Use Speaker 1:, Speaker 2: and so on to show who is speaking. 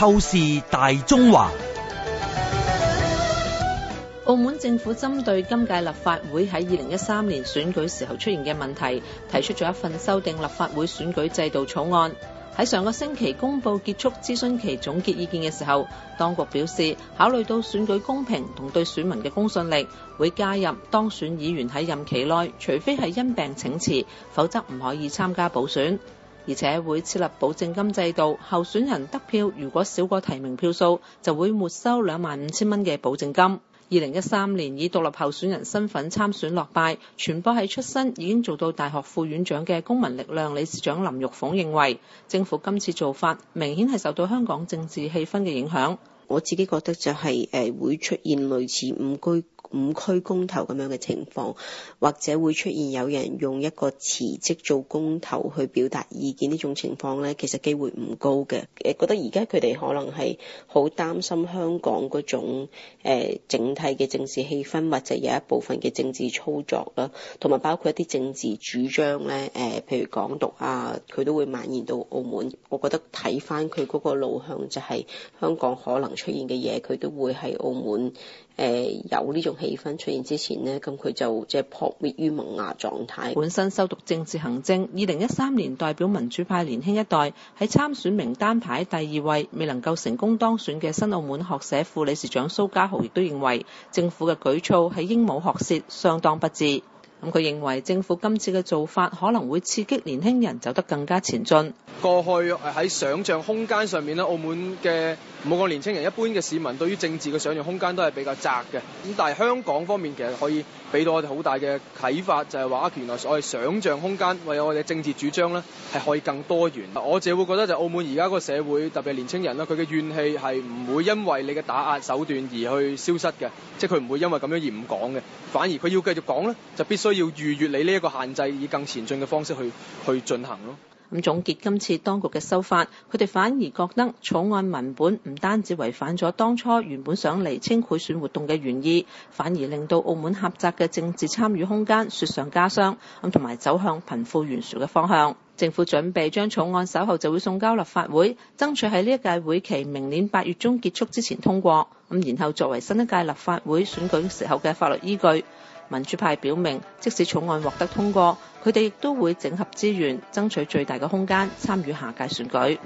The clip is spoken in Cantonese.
Speaker 1: 透視大中華。
Speaker 2: 澳門政府針對今屆立法會喺二零一三年選舉時候出現嘅問題，提出咗一份修訂立法會選舉制度草案。喺上個星期公布結束諮詢期總結意見嘅時候，當局表示，考慮到選舉公平同對選民嘅公信力，會加入當選議員喺任期內，除非係因病請辭，否則唔可以參加補選。而且會設立保證金制度，候選人得票如果少過提名票數，就會沒收兩萬五千蚊嘅保證金。二零一三年以獨立候選人身份參選落敗，傳播系出身已經做到大學副院長嘅公民力量理事長林玉鳳認為，政府今次做法明顯係受到香港政治氣
Speaker 3: 氛嘅影響。我自己覺得就係誒，會出現類似五居。五區公投，咁樣嘅情況，或者會出現有人用一個辭職做公投去表達意見呢種情況咧，其實機會唔高嘅。誒覺得而家佢哋可能係好擔心香港嗰種誒、呃、整體嘅政治氣氛，或者有一部分嘅政治操作啦，同埋包括一啲政治主張咧，誒、呃、譬如港獨啊，佢都會蔓延到澳門，我覺得睇翻佢嗰個路向，就係、是、香港可能出現嘅嘢，佢都會喺澳門誒、呃、有呢種。氣氛出現之前呢，咁佢就即係破滅於萌芽狀態。本
Speaker 2: 身修讀政治行政，二零一三年代表民主派年輕一代喺參選名單排第二位，未能夠成功當選嘅新澳門學社副理事長蘇家豪亦都認為政府嘅舉措係鸚鵡學舌，相當不智。咁佢認為政府今次嘅做法可能會刺激年輕人走得更加前進。
Speaker 1: 過去喺想象空間上面咧，澳門嘅每個年輕人、一般嘅市民對於政治嘅想象空間都係比較窄嘅。咁但係香港方面其實可以俾到我哋好大嘅啟發，就係話原來所謂想象空間，為我哋政治主張咧係可以更多元。我自己會覺得就澳門而家個社會特別係年輕人咧，佢嘅怨氣係唔會因為你嘅打壓手段而去消失嘅，即係佢唔會因為咁樣而唔講嘅，反而佢要繼續講呢，就必須。都要逾越你呢一個限制，以更前進嘅方式去去進行咯。
Speaker 2: 咁總結今次當局嘅修法，佢哋反而覺得草案文本唔單止違反咗當初原本想釐清賄選活動嘅原意，反而令到澳門狹窄嘅政治參與空間雪上加霜。咁同埋走向貧富懸殊嘅方向。政府準備將草案稍後就會送交立法會，爭取喺呢一屆會期明年八月中結束之前通過，咁然後作為新一屆立法會選舉時候嘅法律依據。民主派表明，即使草案獲得通過，佢哋亦都會整合資源，爭取最大嘅空間參與下屆選舉。